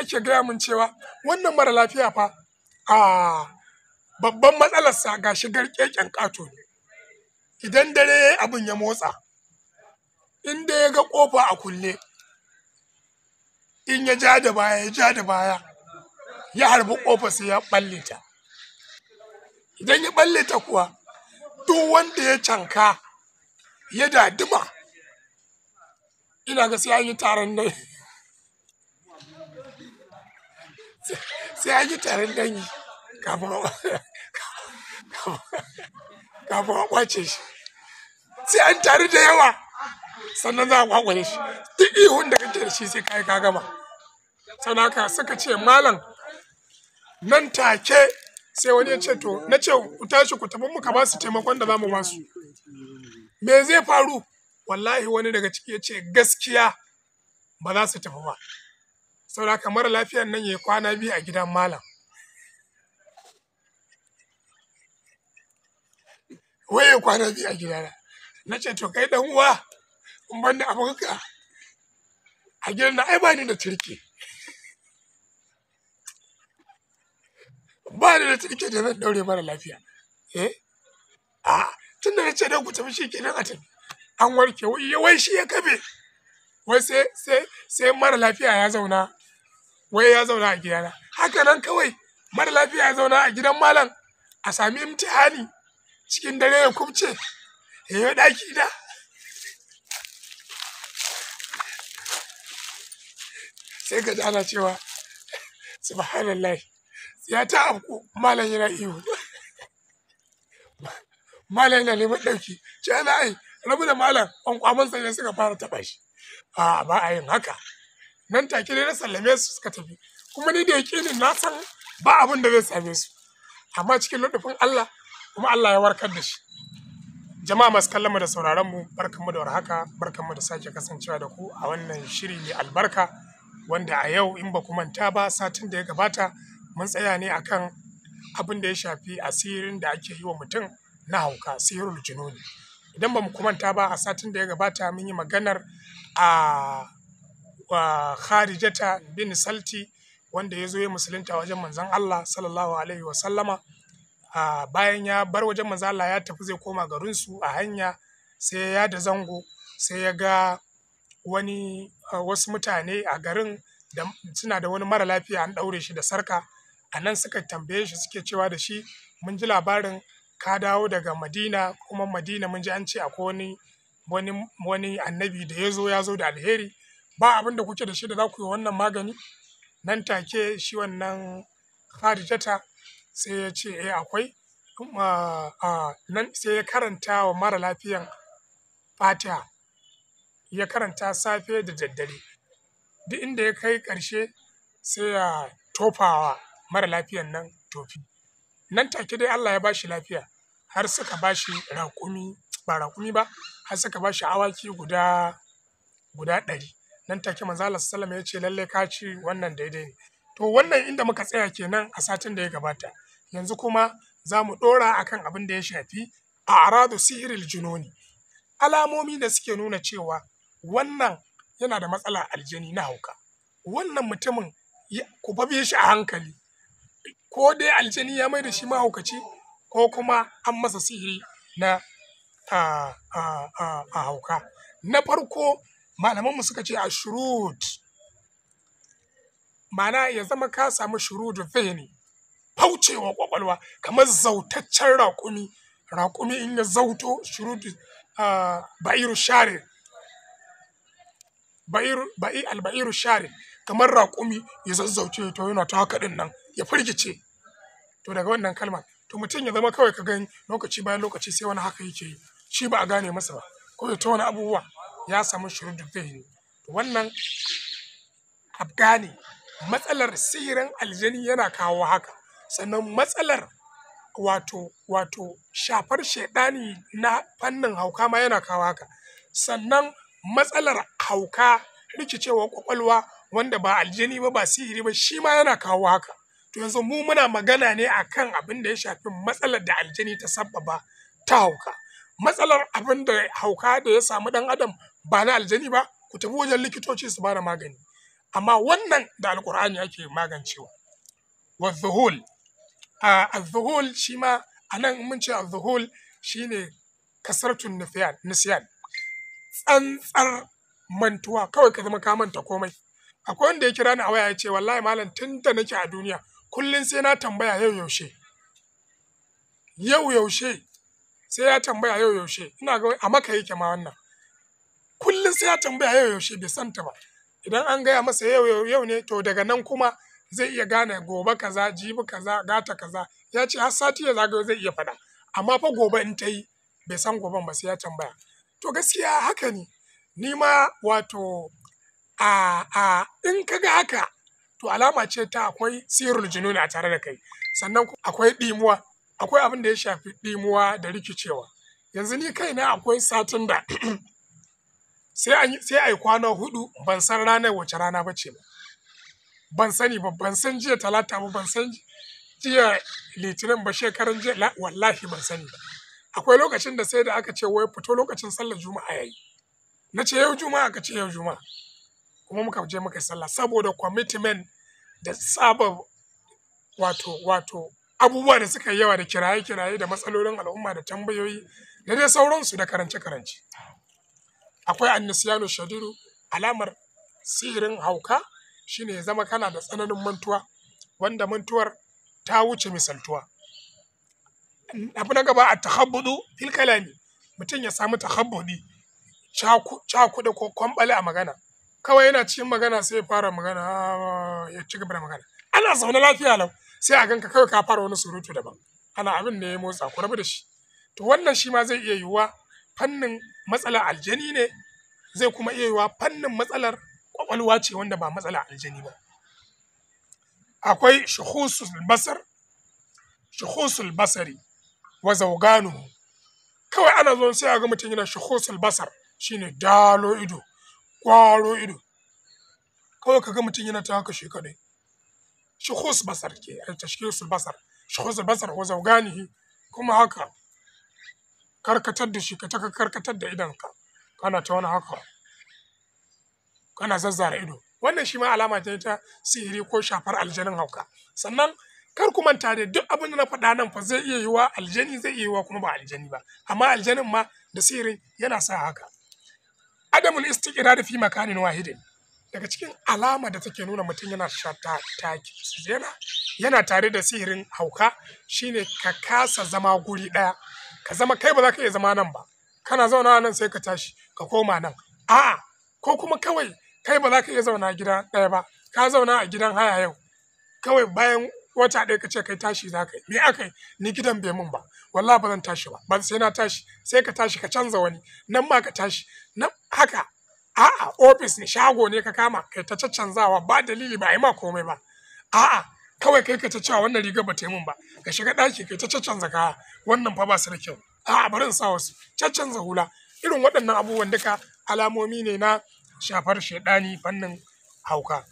ake gaya min cewa wannan mara lafiya fa a babban matsalarsa ga shigar keken ƙato ne idan dare ya abin ya motsa inda ya ga ƙofa a kulle in ya ja da baya ya ja da baya ya harbi ƙofa sai ya balle ta idan ya balle ta kuwa duk wanda ya canka ya daduma ina ga sai an yi taron nan sai an yi tarin dangi kafin a kwace shi sai an taru da yawa sannan za a kwakwale shi duk ihun da kake da shi sai kai ka gama sannan haka suka ce malam nan take sai wani ya ce to na ce ku tashi ku tafi muka ba su taimakon da za mu ba su me zai faru wallahi wani daga ciki ya ce gaskiya ba za su tafi ba saboda haka mara lafiyan nan ya kwana biyu a gidan malam wai ya kwana biyu a gidana na ce to kai dan uwa in ban da abokanka a gidan na ai ba ni da turke ba ni da turke da zan daure mara lafiya eh a tun da na ce dan ku tafi shi kenan a tafi an warke wai shi ya kabe wai sai sai sai mara lafiya ya zauna wai ya zauna a gidana haka nan kawai mara lafiya ya zauna a gidan malam a sami imtihani cikin dare ya kumce, ya yi ɗaki da sai ka ana cewa subhanallah ya ta afku malam yana iyo malam yana neman ɗauki ce ana ai rabu da malam ƙwanƙwamansa ne suka fara taɓa shi a ba a yin haka nan take ne na sallame su suka tafi kuma ni da ni na san ba abin da zai same su amma cikin ladafin Allah kuma Allah ya warkar da shi jama'a masu kallon mu da sauraron mu barkan mu da warhaka mu da sake kasancewa da ku a wannan shiri mai albarka wanda a yau in ba ku manta ba satin da ya gabata mun tsaya ne akan abin da ya shafi asirin da ake yi wa mutum na hauka sihirul jununi idan ba mu kumanta ba a satin da ya gabata mun yi maganar a ah, wa Khadijata bin Salti wanda ya zo ya musulunta wajen manzon Allah sallallahu alaihi wa a bayan ya bar wajen manzan Allah ya tafi zai koma garinsu a hanya sai ya da zango sai ya ga wani wasu mutane a garin suna da wani mara lafiya an daure shi da sarka a nan suka tambaye shi suke cewa da shi mun ji labarin ka dawo daga madina kuma madina mun ji an ce akwai wani annabi da ya zo ya zo da alheri ba abin da kuke da shi da za ku yi wannan magani nan take shi wannan harjata sai ya ce eh akwai nan sai ya karanta wa mara lafiyan fatiha ya karanta safe da daddare duk inda ya kai karshe sai ya tofawa mara lafiyan nan tofi nan take dai Allah ya ba shi lafiya har suka ba shi raƙumi ba raƙumi ba har suka ba shi awaki guda guda ɗari nan take manzala sallama ya ce lalle ka ci wannan daidai ne to wannan inda muka tsaya kenan a satin da ya gabata yanzu kuma za mu ɗora akan abin da ya shafi a aradu sihiril junoni alamomi da suke nuna cewa wannan yana da matsala aljani na hauka wannan mutumin ku babe shi a hankali ko dai aljani ya mai da shi mahaukaci ko kuma an masa sihiri na a hauka na farko malamanmu suka ce a shurud mana ya zama ka samu shurudu fihini faucewa kwakwalwa kamar zautaccen raƙumi raƙumi in ya zauto shurudu ba'iru share ba'i alba'iru share kamar raƙumi ya zazzauce to yana ta haka din nan ya firgice to daga wannan kalma to mutum ya zama kawai ka gani lokaci bayan lokaci sai wani haka yake yi shi ba a gane masa ba ko ya ta wani abubuwa ya samu shurudu fihini wannan afghani matsalar sihirin aljani yana kawo haka sannan matsalar wato wato shafar shaidani na fannin hauka ma yana kawo haka sannan matsalar hauka rikicewar kwakwalwa wanda ba aljani ba ba sihiri ba shi ma yana kawo haka to yanzu mu muna magana ne akan abin da ya shafi matsalar da aljani ta sabbaba ta hauka matsalar abin da hauka da ya samu dan adam ba na aljani ba ku tafi wajen likitoci su bada magani amma wannan da alkur'ani ake magancewa wa zuhul zuhul shi ma anan mun ce zuhul shine kasartun nufiyan nisyan tsantsar mantuwa kawai ka zama ka manta komai akwai wanda ya kira ni a waya ya ce wallahi malam tun da nake a duniya kullum sai na tambaya yau yaushe yau yaushe sai ya tambaya yau yaushe ina ga a maka yake ma wannan sai ya tambaya yau yaushe bai santa ba idan an gaya masa yau yau ne to daga nan kuma zai iya gane gobe kaza jibi kaza gata kaza ya ce har sati ya zagayo zai iya faɗa amma fa gobe in ta yi bai san goben ba sai ya tambaya to gaskiya haka ne ni ma wato a a in ka ga haka to alama ce ta akwai sirrul jununi a tare da kai sannan akwai ɗimuwa akwai abin da ya shafi ɗimuwa da rikicewa yanzu ni kaina akwai satin da sai a yi kwana hudu ban san ranar wace rana ba ce ba ban sani ba ban san jiya talata ba ban san jiya litinin ba shekaran jiya wallahi ban sani ba akwai lokacin da sai da aka ce wai fito lokacin sallar juma'a yayi na ce yau juma'a aka ce yau juma'a kuma muka je muka sallah saboda commitment da saba wato wato abubuwa da suka yi yawa da kiraye kiraye da matsalolin al'umma da tambayoyi da dai sauransu da karance karance akwai annisiyanu shaduru alamar sihirin hauka shine ya zama kana da tsananin mantuwa wanda mantuwar ta wuce misaltuwa abu na gaba a tahabbudu fil kalami mutum ya samu tahabbudi da ko kwamɓale a magana kawai yana cikin magana sai ya fara magana ah, ya ci gaba da magana ana zaune lafiya lau sai a ganka kawai ka fara wani surutu daban ana abin da ya motsa ku rabu da shi to wannan shi ma zai iya yiwuwa fannin matsalar aljani ne zai kuma iya yiwa fannin matsalar kwakwalwa ce wanda ba matsalar aljani ba akwai shuhusul basar shuhusul basari wa zauganu kawai ana zuwa sai a ga mutum yana shuhusul basar shine dalo ido kwaro ido kawai ka ga mutum yana ta haka shi kadai shuhus basar ke a tashkisul basar shuhus basar wa zauganihi kuma haka karkatar da shi ka ta karkatar da idonka kana ta wani haka kana zazzara ido wannan shi ma alama ta ta sihiri ko shafar aljanin hauka sannan kar ku manta da duk abin da na faɗa nan fa zai iya yiwa aljani zai iya yiwa kuma ba aljani ba amma aljanin ma da sihirin yana sa haka adamul da fi makanin wahidin daga cikin alama da take nuna mutum yana taki yana yana tare da sihirin hauka shine ka kasa zama guri ɗaya ka zama kai ba za ka iya zama nan ba kana zauna nan sai ka tashi ka koma nan a'a ko kuma kawai kai ba za ka iya zauna gida ɗaya ba ka zauna a gidan haya yau kawai bayan wata ɗaya ka ce kai tashi za ka yi me aka yi ni gidan bai mun ba wallahi ba zan tashi ba ba sai na tashi sai ka tashi ka canza wani nan ma ka tashi nan haka a'a ofis ne shago ne ka kama kai ta caccanzawa ba dalili ba a yi ma komai ba a'a kawai kai ka ta cewa wannan riga ba ta yi mun ba ka shiga ɗaki kai ta caccanza zaka wannan fa ba su da kyau a'a bari sa wasu caccanza hula irin waɗannan abubuwan duka alamomi ne na shafar shaidani fannin hauka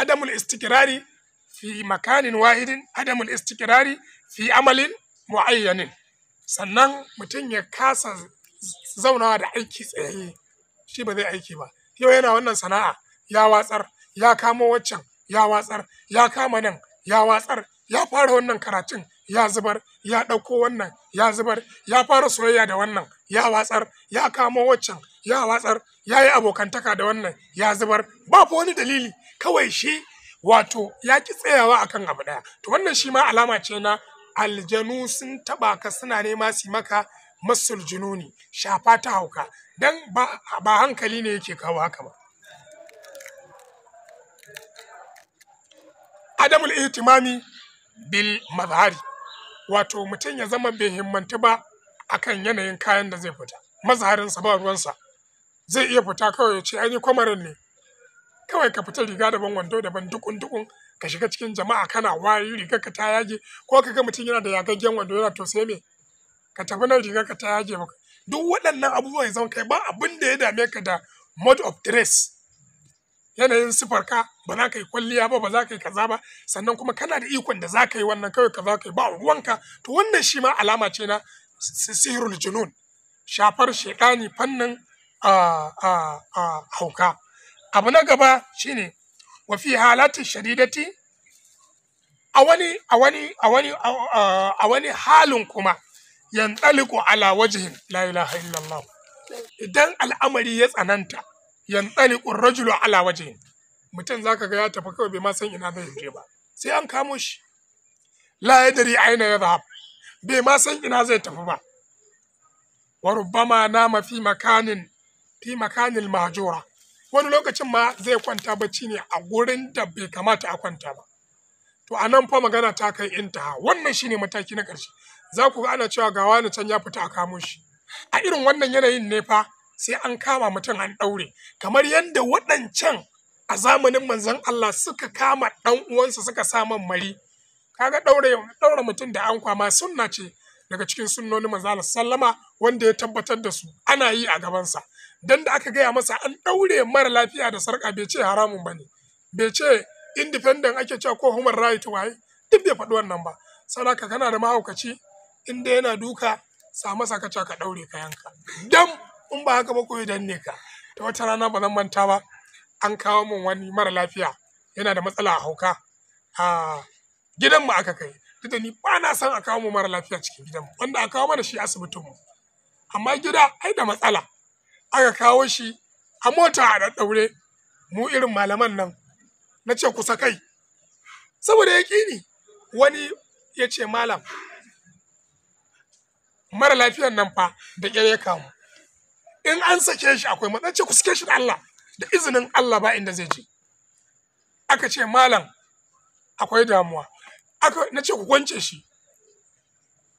adamul istikirari fi makanin wahidin adamul istikirari fi amalin muayyanin sannan mutum ya kasa zaunawa da aiki tsayayye shi ba zai aiki ba yau yana wannan sana'a ya watsar ya kamo waccan ya watsar ya kama nan ya watsar ya fara wannan karatun ya zubar ya ɗauko wannan ya zubar ya fara soyayya da wannan ya watsar ya kama waccan ya watsar ya yi abokantaka da wannan ya zubar ba fa wani dalili kawai shi wato ya ki tsayawa akan abu ɗaya to wannan shi ma alama ce na aljanu sun taɓa ka suna nema su maka masul jununi shafa ta hauka dan ba hankali ne yake kawo haka ba adamul ihtimami bil mazhari wato mutum ya zama bai himmantu ba akan yanayin kayan da zai fita sa ba ruwansa zai iya fita kawai ya ce yi kwamarin ne kawai ka fita riga daban wando daban dukun dukun ka shiga cikin jama'a kana wayi riga ka ta yage ko ka ga mutum yana da yagaggen wando yana to sai me ka tafi nan riga ka ta yage ba duk waɗannan abubuwa ya zama kai ba abin da ya dame ka da mode of dress yanayin sifarka ba za ka yi kwalliya ba ba za ka yi kaza ba sannan kuma kana da ikon da za ka yi wannan kawai kaza ka yi ba ruwanka to wannan shi ma alama ce na sihirul junun shafar shekani fannin hauka abu na gaba shine wa fi halati shadidati a wani a wani halin kuma yantaliku ala wajihin la ilaha illallah idan al'amari ya tsananta yanɗaliƙu rajulu ala waje mutum za ka ga ya tafi kawai bai ma san ina zai je ba sai an kamo shi la yadri aina yadhhab bai ma san ina zai tafi ba wa rubbama nama fi makanin fi makanil mahjura wani lokacin ma zai kwanta bacci ne a gurin da bai kamata a kwanta ba to a nan fa magana ta kai intaha wannan shine mataki na ƙarshe za ku ga ana cewa gawa wani can ya fita a kamo shi a irin wannan yanayin ne fa sai an kama mutum an ɗaure kamar yadda waɗancan a zamanin manzon Allah suka kama ɗan uwansa suka sa mari kaga ɗaure ɗaure mutum da an kwama sunna ce daga cikin sunnoni manzon Allah sallama wanda ya tabbatar da su ana yi a gabansa dan da aka gaya masa an ɗaure mara lafiya da sarƙa bai ce haramun ba ne. bai ce indifendan ake cewa ko human right waye duk bai faɗi wannan ba saboda kana da mahaukaci inda yana duka sa masa kaca ka ɗaure kayanka dam in ba haka ba ko idan ne ka ta wata rana ba zan manta ba an kawo min wani mara lafiya yana da matsala a hauka a gidanmu aka kai duk da ni ba na son a kawo mu mara lafiya cikin gidanmu wanda a kawo mana shi asibitinmu amma gida ai da matsala aka kawo shi a mota a daddaure mu irin malaman nan na ce kusa kai saboda ya ni wani ya ce malam mara lafiyan nan fa da ƙyar ya kamu in an sake shi akwai matsala ce ku sake shi da Allah da izinin Allah ba inda zai je aka ce malam akwai damuwa aka na ce ku kwance shi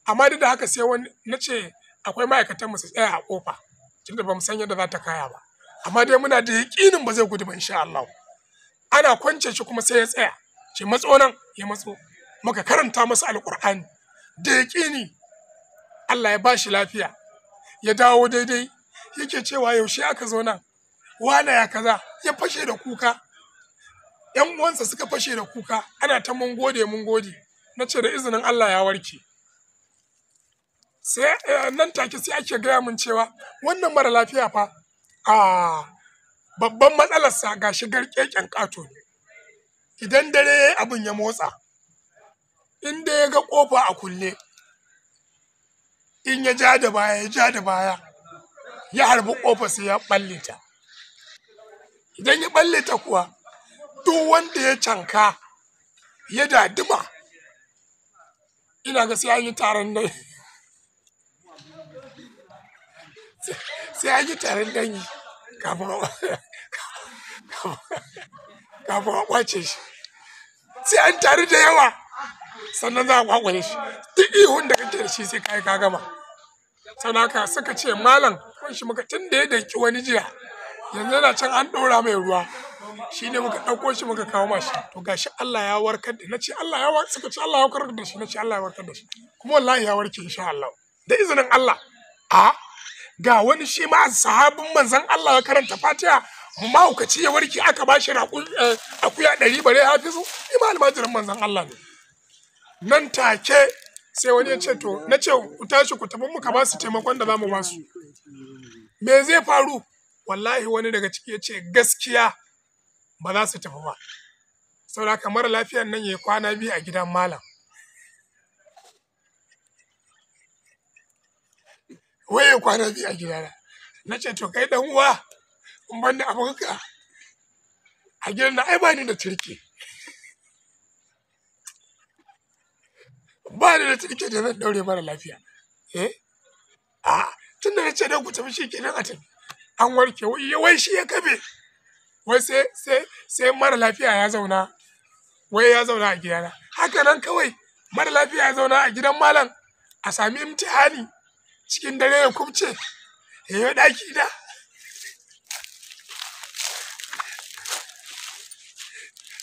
amma duk da haka sai wani na ce akwai ma'aikatan mu su tsaya a kofa tunda ba mu san yadda za ta kaya ba amma dai muna da yaƙinin ba zai gudu ba insha Allah ana kwance shi kuma sai ya tsaya ce matso nan ya matso muka karanta masa alƙur'ani da yaƙini Allah ya bashi lafiya ya dawo daidai yake cewa yaushe aka zo nan wane ya kaza ya fashe da kuka yan uwansa suka fashe da kuka ana ta mun gode mun gode na ce da izinin Allah ya warke sai eh, nan take sai ake gaya mun cewa wannan mara lafiya fa a babban matsalar sa ga shigar keken kato idan dare abin ya motsa in dai ya ga ƙofa a kulle in ya ja da baya ya ja da baya ya harbi kofa sai ya balle ta idan ya balle ta kuwa duk wanda ya canka ya daduma ina ga sai an yi taron dai sai yi taron dangi kafin a kwace shi sai an tari da yawa sannan za a kwakwale shi duk ihun da kake da shi sai kai ka gama sanaka suka ce malam kun shi muka tun da ya daki wani jiya yanzu yana can an ɗora mai ruwa shi ne muka ɗauko shi muka kawo mashi to gashi Allah ya warkar da nace Allah ya warkar suka ce Allah ya warkar da shi nace Allah ya warkar da shi kuma wallahi ya warke insha Allah da izinin Allah a ga wani shi ma sahabin manzon Allah ya karanta Fatiha mahaukaci ya warke aka ba shi eh, akuya ɗari bare hafizu ima almajirin manzon Allah ne nan take sai wani ya ce to na ce ku tashi ku tafi muka ba su taimakon da zamu ba su me zai faru wallahi wani daga ciki ya ce gaskiya ba za su tafi ba saboda kamar lafiyar nan ya kwana biyu a gidan malam Wai ya kwana biyu a gidana na ce to kai dan uwa in banda da a gidan na ai ba ni da turki ne da na da zan daure mara lafiya eh a tun da ce dan ku tafi kenan a tafi an warke wai wai shi ya kabe wai sai sai sai mara lafiya ya zauna wai ya zauna a gidana haka nan kawai mara lafiya ya zauna a gidan malam a sami imtihani cikin dare ya kubce ya yi da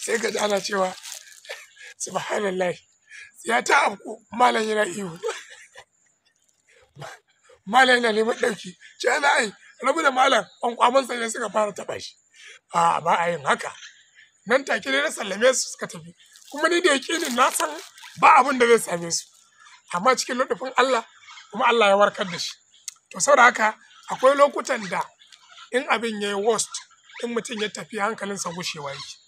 sai ka ana cewa subhanallah ya ta afku malam yana ihu malam yana neman ɗauki ce ana ai rabu da malam kwamon ne suka fara taɓa shi a ba a yin haka nan take ne na sallame su suka tafi kuma ni da ni na san ba abin da zai same su amma cikin lodufin Allah kuma Allah ya warkar da shi to saboda haka akwai lokutan da in abin yayi worst in mutum ya tafi hankalinsa gushewa yake